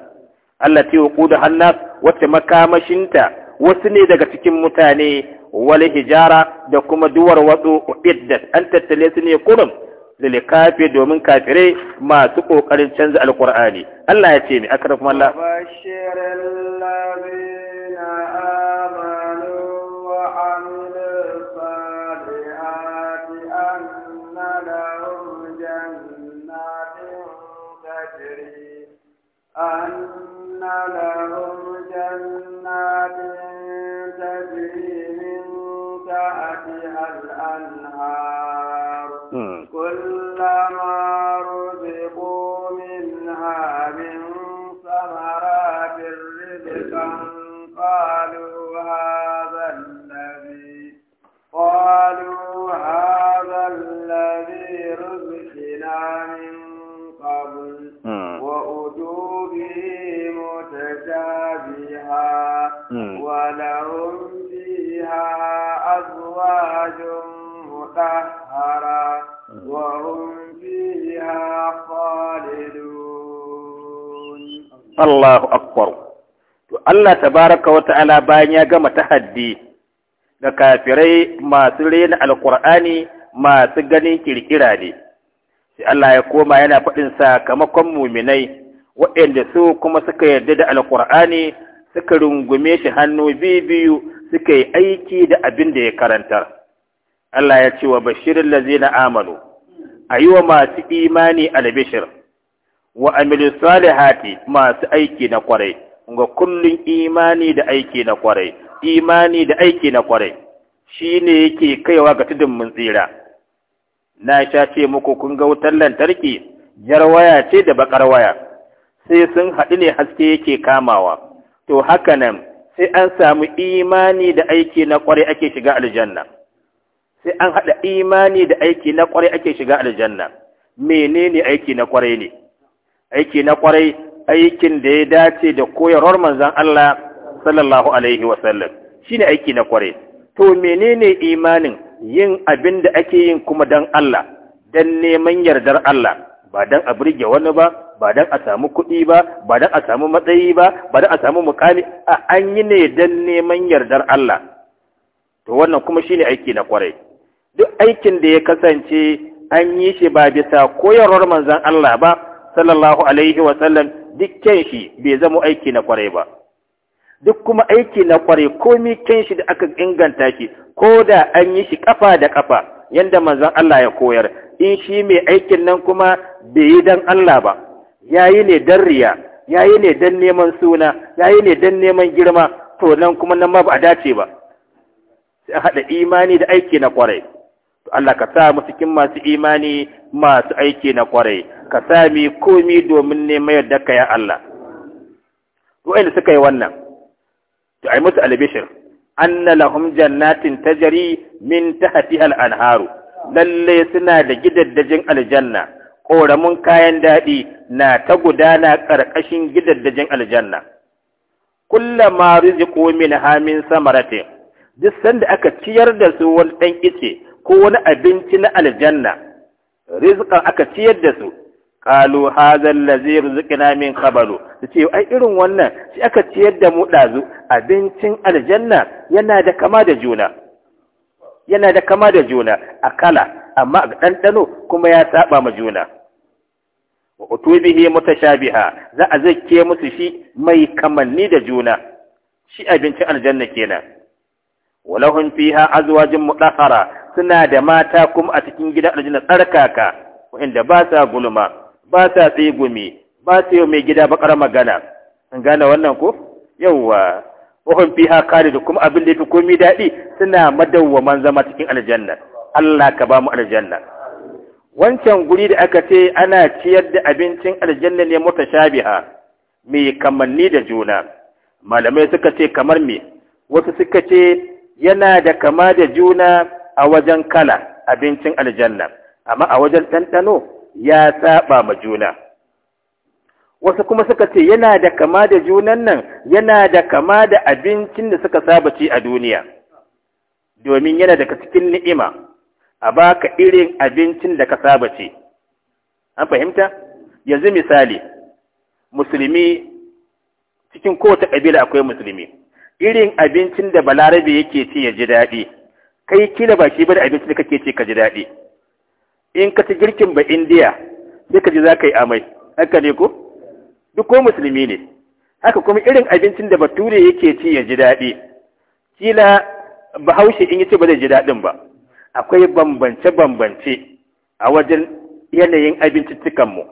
Allah ce da hanna wacce makamashinta wasu ne daga cikin mutane wal hijara da kuma duwar watsu iddat an tattale su ne kurum lilkafi domin kafirai masu kokarin canza alkur'ani Allah ya ce mai akrafu Allah ولهم فيها أزواج مطهرة وهم فيها خالدون الله أكبر Allah tabaraka wa ta'ala bayan ya gama tahaddi da kafirai masu rena alkur'ani masu ganin kirkira ne sai Allah ya koma yana faɗin sakamakon muminai waɗanda su kuma suka yarda da alkur'ani suka rungume shi hannu biyu biyu suka yi aiki da abin da ya karanta Allah ya ce wa bashirin lazina amalu a yi wa masu imani albishir wa amilu salihati masu aiki na kwarai ga kullum imani da aiki na kwarai imani da aiki na kwarai shi ne yake kaiwa ga tudun mun tsira na sha ce muku kun ga wutar lantarki jar waya ce da bakar waya sai sun haɗu ne haske yake kamawa to haka nan sai an samu imani da aiki na ƙwarai ake shiga aljanna sai an haɗa imani da aiki na ƙwarai ake shiga aljanna menene aiki na ƙwarai ne aiki na ƙwarai, aikin da ya dace da koyarwar manzon Allah sallallahu alaihi wa sallam shine aiki na ƙwarai. to menene imanin yin abin da ake yin kuma dan Allah dan neman yardar Allah ba dan a burge wani ba ba don a samu kuɗi ba ba don a samu matsayi ba ba don a samu mukami a an yi ne don neman yardar Allah to wannan kuma shine aiki na kwarai duk aikin da ya kasance an yi shi ba bisa koyarwar manzon Allah ba sallallahu alaihi wa sallam dukkan shi bai zama aiki na kwarai ba duk kuma aiki na kwarai komi kyan shi da aka inganta shi ko da an yi shi kafa da kafa yanda manzon Allah ya koyar in shi mai aikin nan kuma bai yi dan Allah ba Ya yi ne dan riya ya yi ne dan neman suna ya yi ne dan neman girma to nan kuma nan ma ba a dace ba sai haɗa imani da aiki na kwarai Allah ka sa cikin masu imani masu aiki na kwarai ka sa komi domin neman yadda ka ya Allah wa'anda suka yi wannan to ai musu albishir anna lahum jannatin tajri min tahtiha al-anharu lalle suna da gidaddajin aljanna ƙoramin kayan daɗi na ta gudana ƙarƙashin gidaddajin aljanna kullama rizqu minha min samarate, duk sanda aka ciyar da su wani ɗan ice ko wani abinci na aljanna rizqan aka ciyar da su qalu zai allazi rizqna min Su ce ai irin wannan shi aka ciyar da mu ɗazu abincin aljanna yana da kama da juna yana da kama da juna a kala amma a ɗanɗano kuma ya saba ma juna wa utubihi mutashabiha za a zakke musu shi mai kamanni da juna shi abincin aljanna kenan walahun fiha azwajun mutahhara suna da mata kuma a cikin gidan aljanna tsarkaka wanda ba sa gulma ba sa tsigumi ba sa yau mai gida bakar magana an gane wannan ko yawwa wahun fiha da kuma abin da yafi komai daɗi suna madawwaman zama cikin aljanna Allah ka ba mu aljanna wancan guri da aka ce ana ciyar da abincin aljanna ne mutashabiha mai kamanni da juna malamai suka ce kamar me wasu suka ce yana da kama da juna a wajen kala abincin aljanna amma a wajen ɗanɗano ya saba ma juna wasu kuma suka ce yana da kama da junan nan yana da kama da abincin da suka saba ci a duniya domin yana daga cikin ni'ima a baka irin abincin da ka saba ce an fahimta yanzu misali musulmi cikin kowace ƙabila akwai musulmi irin abincin da balarabe yake ce ya ji daɗi kai kila ba shi ba da abincin da kake ce ka ji daɗi in ka ci girkin ba indiya sai ka ji za ka yi amai haka ne ko duk ko musulmi ne haka kuma irin abincin da bature yake ci ya ji daɗi kila bahaushe in yi ce ba zai ji daɗin ba akwai bambance-bambance a wajen yanayin mu.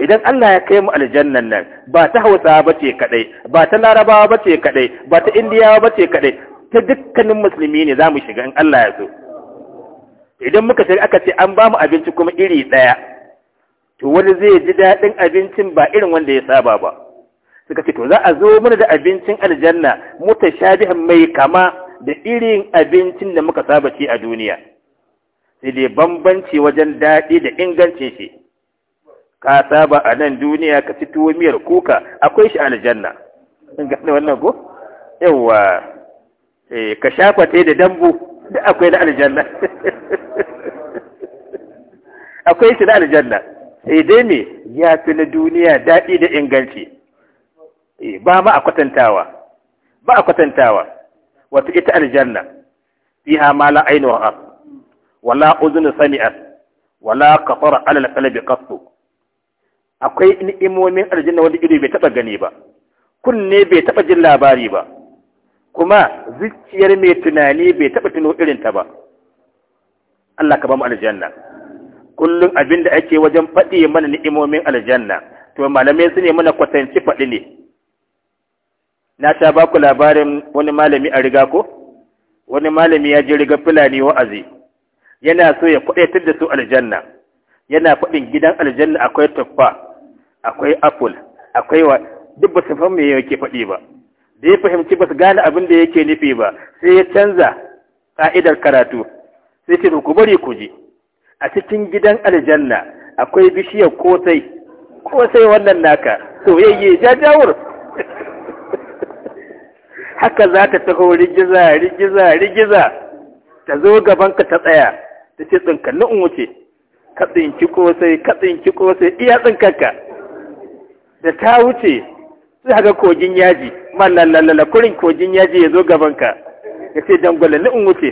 idan Allah ya kai mu aljannan nan ba ta hausa ba ce kaɗai, ba ta larabawa ba ce kaɗai, ba ta indiyawa ba ce kaɗai, ta dukkanin musulmi ne za mu shiga in Allah ya so idan muka shiga aka ce an ba mu abinci kuma iri ɗaya to wani zai ji daɗin abincin ba irin wanda ya saba ba suka ce to za a zo mana da abincin aljanna mutashabihan mai kama da irin abincin da muka saba ci a duniya sai dai bambanci wajen daɗi da ingancin shi ka saba a nan duniya ka ci tuwo miyar kuka akwai shi aljanna in gane wannan ko yawa eh, ka shafa ta da dambu da akwai na aljanna akwai shi na aljanna sai eh, dai me ya fi na duniya daɗi da inganci eh, ba ma a kwatantawa ba a kwatantawa wata ita aljanna fiha ma la ainu ra'at wala uzunu sami'at wala qatara ala qalbi qattu akwai ni'imomin aljanna wanda ido bai taba gani ba kunne bai taba jin labari ba kuma zuciyar mai tunani bai taba tuno irin ta ba Allah ka ba mu aljanna kullum abinda ake wajen faɗi mana ni'imomin aljanna to malamai sune mana kwatanci faɗi ne na ta ba ku labarin wani malami a riga ko wani malami ya je riga fulani wa'azi yana so ya kudaitar da su aljanna yana faɗin gidan aljanna akwai tuffa akwai apple akwai wa duk ba su me yake faɗi ba da ya fahimci ba su gane abin da yake nufi ba sai ya canza ka'idar karatu sai ce ku bari ku ji a cikin gidan aljanna akwai bishiyar kosai kosai wannan naka soyayye jajawur haka za ta taho rigiza rigiza rigiza ta zo gabanka ta tsaya ta ce tsinkanni in wuce ka tsinki kosai ka tsinki kosai iya tsinkanka da ta wuce sai haka kogin yaji malalala kurin kogin yaji ya zo gabanka ya ce ni in wuce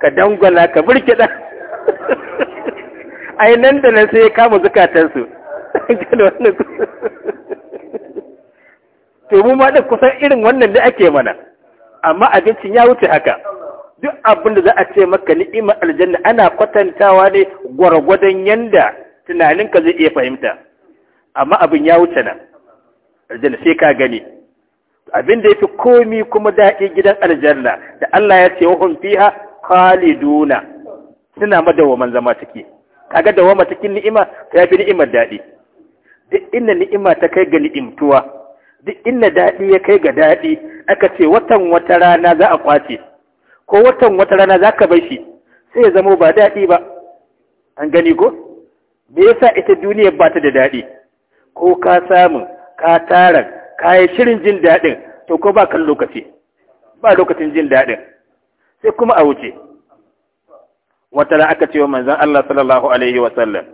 ka dangwala ka birkiɗa ai nan da nan sai ya kama zukatansu to mu ma din kusan irin wannan da ake mana amma abincin ya wuce haka duk abin da za a ce maka ni'imar aljanna ana kwatantawa ne gwargwadon yanda tunaninka zai iya fahimta amma abin ya wuce nan aljanna sai ka gani abin da yafi komi kuma daɗi gidan aljanna da Allah ya ce wahum fiha khaliduna suna madawwaman zama ciki kaga dawwama cikin ni'ima ta fi ni'imar daɗi duk inda ni'ima ta kai ga ni'imtuwa duk inda daɗi ya kai ga daɗi aka ce watan wata rana za a kwace ko watan wata rana za ka shi sai ya zama ba daɗi ba an gani ko me yasa ita duniya ba ta da daɗi ko ka samu ka tara ka yi shirin jin daɗin to ko ba kan lokaci ba lokacin jin daɗin sai kuma a wuce wata rana aka ce wa manzon Allah sallallahu alaihi wa sallam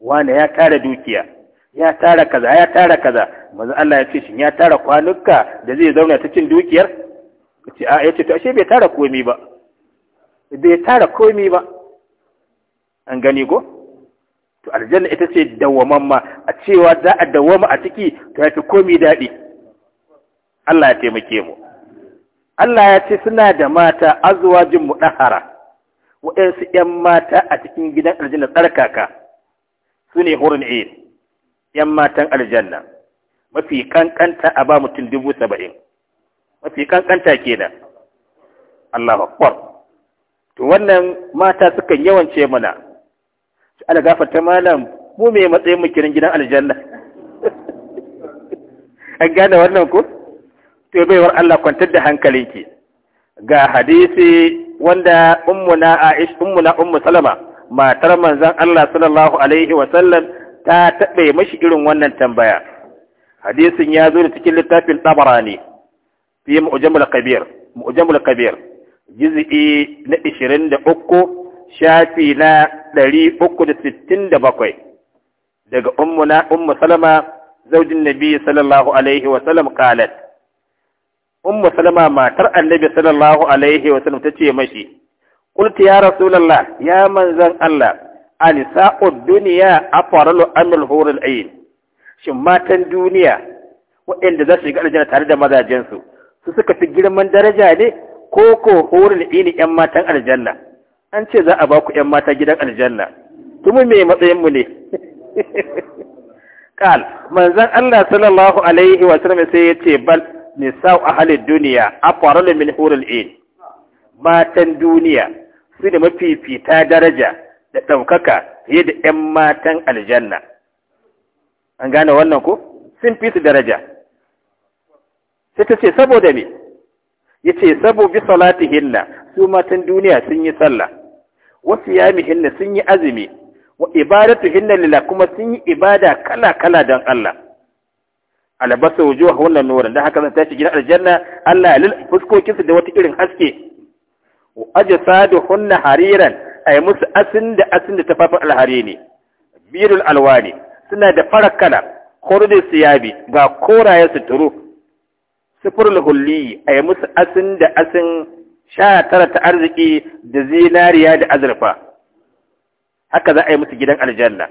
wane ya tara dukiya ya tara kaza ya tara kaza manzo Allah ya ce shin ya tara kwanuka da zai zauna ta cin dukiyar ce a yace to ashe bai tara komai ba bai tara komai ba an gani ko to aljanna ita ce ma a cewa za a dawwama a ciki to yafi komai daɗi Allah ya taimake mu Allah ya ce suna da mata azwajin mudahara waɗansu ‘yan mata a cikin gidan aljanna tsarkaka su ne hurin 'yan matan aljanna mafi kankanta a ba mutum dubu saba'in mafi kankanta kenan Allah akbar to wannan mata sukan yawance mana ana gafarta malam mu me matsayin mu kirin gidan aljanna an gane wannan ko to baiwar Allah kwantar da hankalinki ga hadisi wanda ummuna Aisha ummuna ummu Salama matar manzon Allah sallallahu alaihi wa sallam ta taɓa mashi irin wannan tambaya hadisin ya zo da cikin littafin ne. fi mu'jamul kabir mu'jamul kabir jizi'i na 23 shafi na 367 daga ummuna ummu salama zaujin nabi sallallahu alaihi wa sallam qalat ummu salama matar annabi sallallahu alaihi wa sallam tace mashi qultu ya rasulullah ya manzon Allah anisa'ud duniya afaralu amil hurul ayn shin matan duniya waɗanda za su shiga aljanna tare da mazajensu su suka fi girman daraja ne ko ko hurul ayn yan matan aljanna an ce za a ba ku yan mata gidan aljanna kuma me matsayin mu ne kal manzon Allah sallallahu alaihi wa sallam sai yace bal nisa'u ahli duniya afaralu min hurul ayn matan duniya su da mafifita daraja da ɗaukaka fiye da ‘yan matan aljanna an gane wannan ko sun fi su daraja sai ta ce saboda me ya ce sabo bi hinna su matan duniya sun yi sallah wasu ya hinna sun yi azumi wa ibadatu hinna lila kuma sun yi ibada kala-kala don Allah albasa a wannan nuran don haka zan tashi gina aljanna Allah ya lil fuskokinsu da wata irin haske wa sadu hunna hariran a yi musu asin da asin da tafafin alhari ne birul alwani suna da farar kala su siyabi ga koraye suturu sufurul hulli a yi musu asin da asin sha tara ta arziki da zinariya da azurfa haka za a yi musu gidan aljanna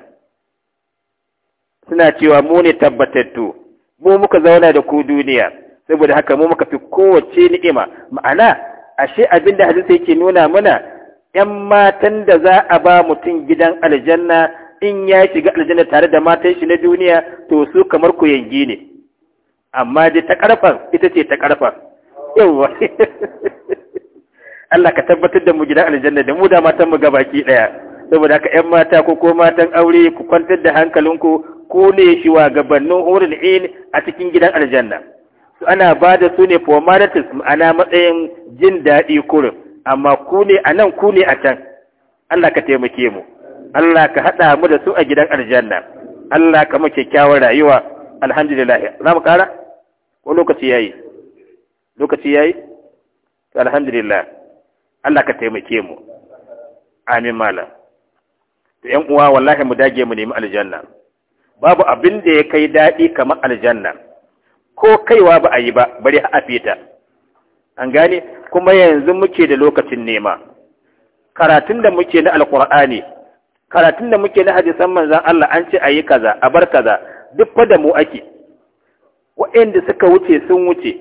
suna cewa mu ne tabbatattu mu muka zauna da ku duniya saboda haka mu muka fi kowace ni'ima ma'ana ashe abinda da hadisi yake nuna mana ‘yan matan da za a ba mutum gidan aljanna in ya shiga aljanna tare da matan shi na duniya to su kamar ku kuyangi ne amma dai ta ƙarfan ita ce ta ƙarfan Yawwa, Allah ka tabbatar da mu gidan aljanna da mu da matan mu gabaki ɗaya saboda ka ‘yan mata ko ko matan aure ku kwantar da hankalinku ku ne shi wa gabanin horin in a cikin gidan aljanna su ana ba da su ne ma'ana matsayin jin daɗi kurin amma ku ne a nan ku ne a can Allah ka taimake mu Allah ka haɗa mu da su a gidan aljanna Allah ka mu kyakkyawar rayuwa alhamdulillah za mu ƙara ko lokaci yayi lokaci yayi alhamdulillah Allah ka taimake mu amin malam to ƴan uwa wallahi mu dage mu nemi aljanna babu abin da ya kai daɗi kamar aljanna ko kaiwa ba a yi ba bari a afita an gane kuma yanzu muke da lokacin nema karatun da muke na alkur'ani karatun da muke na hadisan manzan Allah an ce a yi kaza a bar kaza duk fa da mu ake waanda suka wuce sun wuce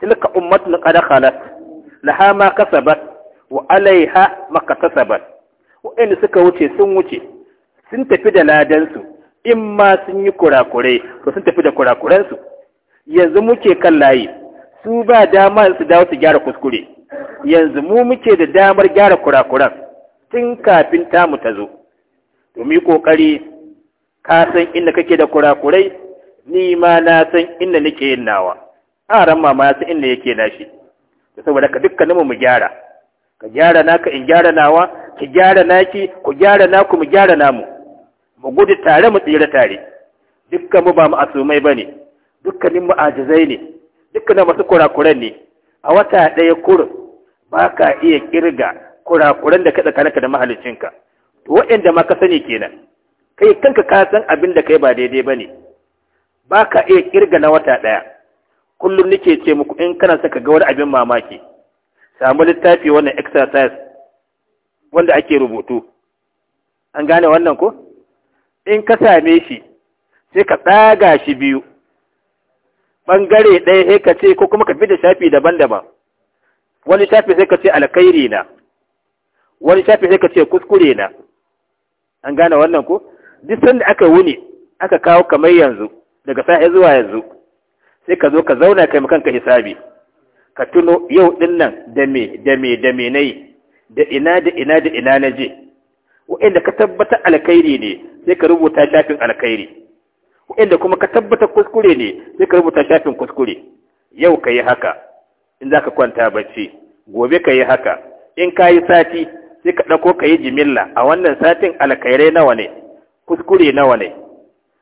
tilka ummatun qad khalat laha ma kasabat wa alaiha ma kasabat wa'inda suka wuce sun wuce sun tafi da ladansu in ma sun yi kurakurai to sun tafi da su yanzu muke kan layi su ba dama su dawo su gyara kuskure yanzu mu muke da damar gyara kurakuran tun kafin tamu ta zo to mu yi kokari ka san inda kake da kurakurai ni ma na san inda nake yin nawa aran mama ya san inda yake nashi da saboda ka dukkaninmu mu gyara ka gyara naka in gyara nawa ki gyara naki ku gyara naku mu gyara namu mu gudu tare mu tsira tare dukkan mu ba mu asumai bane dukkanin mu ajizai ne dukkanin masu kurakuran ne a wata ɗaya kurin ba ka iya kirga kurakuran da ka tsakanaka da mahalicinka to waɗanda ma ka sani kenan kai kanka ka san abin da kai ba daidai ba ne ba ka iya kirga na wata ɗaya kullum nake ce muku in kana saka ga wani abin mamaki samu littafi wannan exercise wanda ake rubutu an gane wannan ko in ka same shi sai ka tsaga shi biyu ɓangare ɗaya sai ka ce ko kuma ka fi da shafi daban-daban wani shafi sai ka ce alkhairi na wani shafi sai ka ce kuskure na an gane wannan ko duk sanda aka wuni aka kawo kamar yanzu daga sa'a zuwa yanzu sai ka zo ka zauna kai ka hisabi ka tuno yau din nan da me da me da me nayi da ina da ina da ina na je wa'inda ka tabbata alkhairi ne sai ka rubuta shafin alkhairi inda kuma ka tabbata kuskure ne sai ka rubuta shafin kuskure yau ka yi haka in za ka kwanta bacci gobe ka yi haka in ka yi sati sai ka ɗauko ka yi jimilla a wannan satin alkairai nawa ne kuskure nawa ne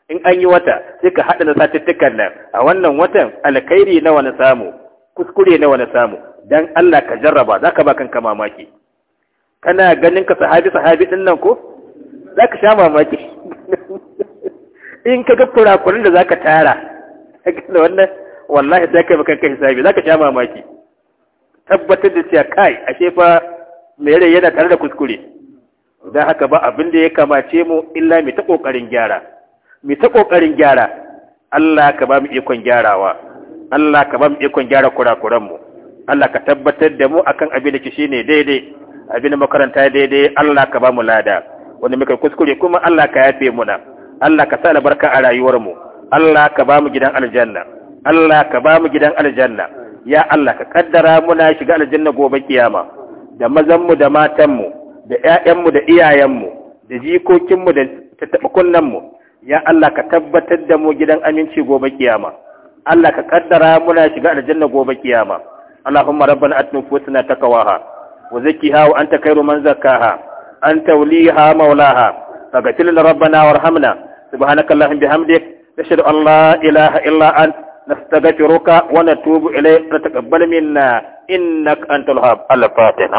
in an yi wata sai ka haɗa na satittukan nan a wannan watan alkhairi nawa na samu kuskure nawa na samu dan Allah ka jarraba za ka ba kanka mamaki kana ganin ka sahabi sahabi ɗin nan ko za ka sha mamaki in ka ga kurakurin da zaka tara da wannan wallahi sai kai baka kai hisabi zaka sha mamaki tabbatar da cewa kai ashe fa mai rai yana tare da kuskure dan haka ba abin da ya kamace mu illa mu ta kokarin gyara mu ta kokarin gyara Allah ka ba mu ikon gyarawa Allah ka ba mu ikon gyara kurakuran mu Allah ka tabbatar da mu akan abin da ke shine daidai abin makaranta daidai Allah ka ba mu lada wanda muka kuskure kuma Allah ka yafe muna Allah ka sa albarka a rayuwarmu Allah ka ba mu gidan aljanna Allah ka ba mu gidan aljanna ya Allah ka kaddara muna shiga aljanna gobe kiyama da mazanmu da matanmu da ƴaƴanmu da iyayenmu da jikokinmu da tattaɓa ya Allah ka tabbatar da mu gidan aminci gobe kiyama Allah ka kaddara muna shiga aljanna gobe kiyama Allahumma rabbana atina nufusana taqwaha wa zakkiha wa anta khairu man zakkaha anta waliha maulaha faghfir lana rabbana warhamna سبحانك اللهم بحمدك نشهد أن لا إله إلا أنت نستغفرك ونتوب إليك وتقبل منا إنك أنت الوهاب الفاتح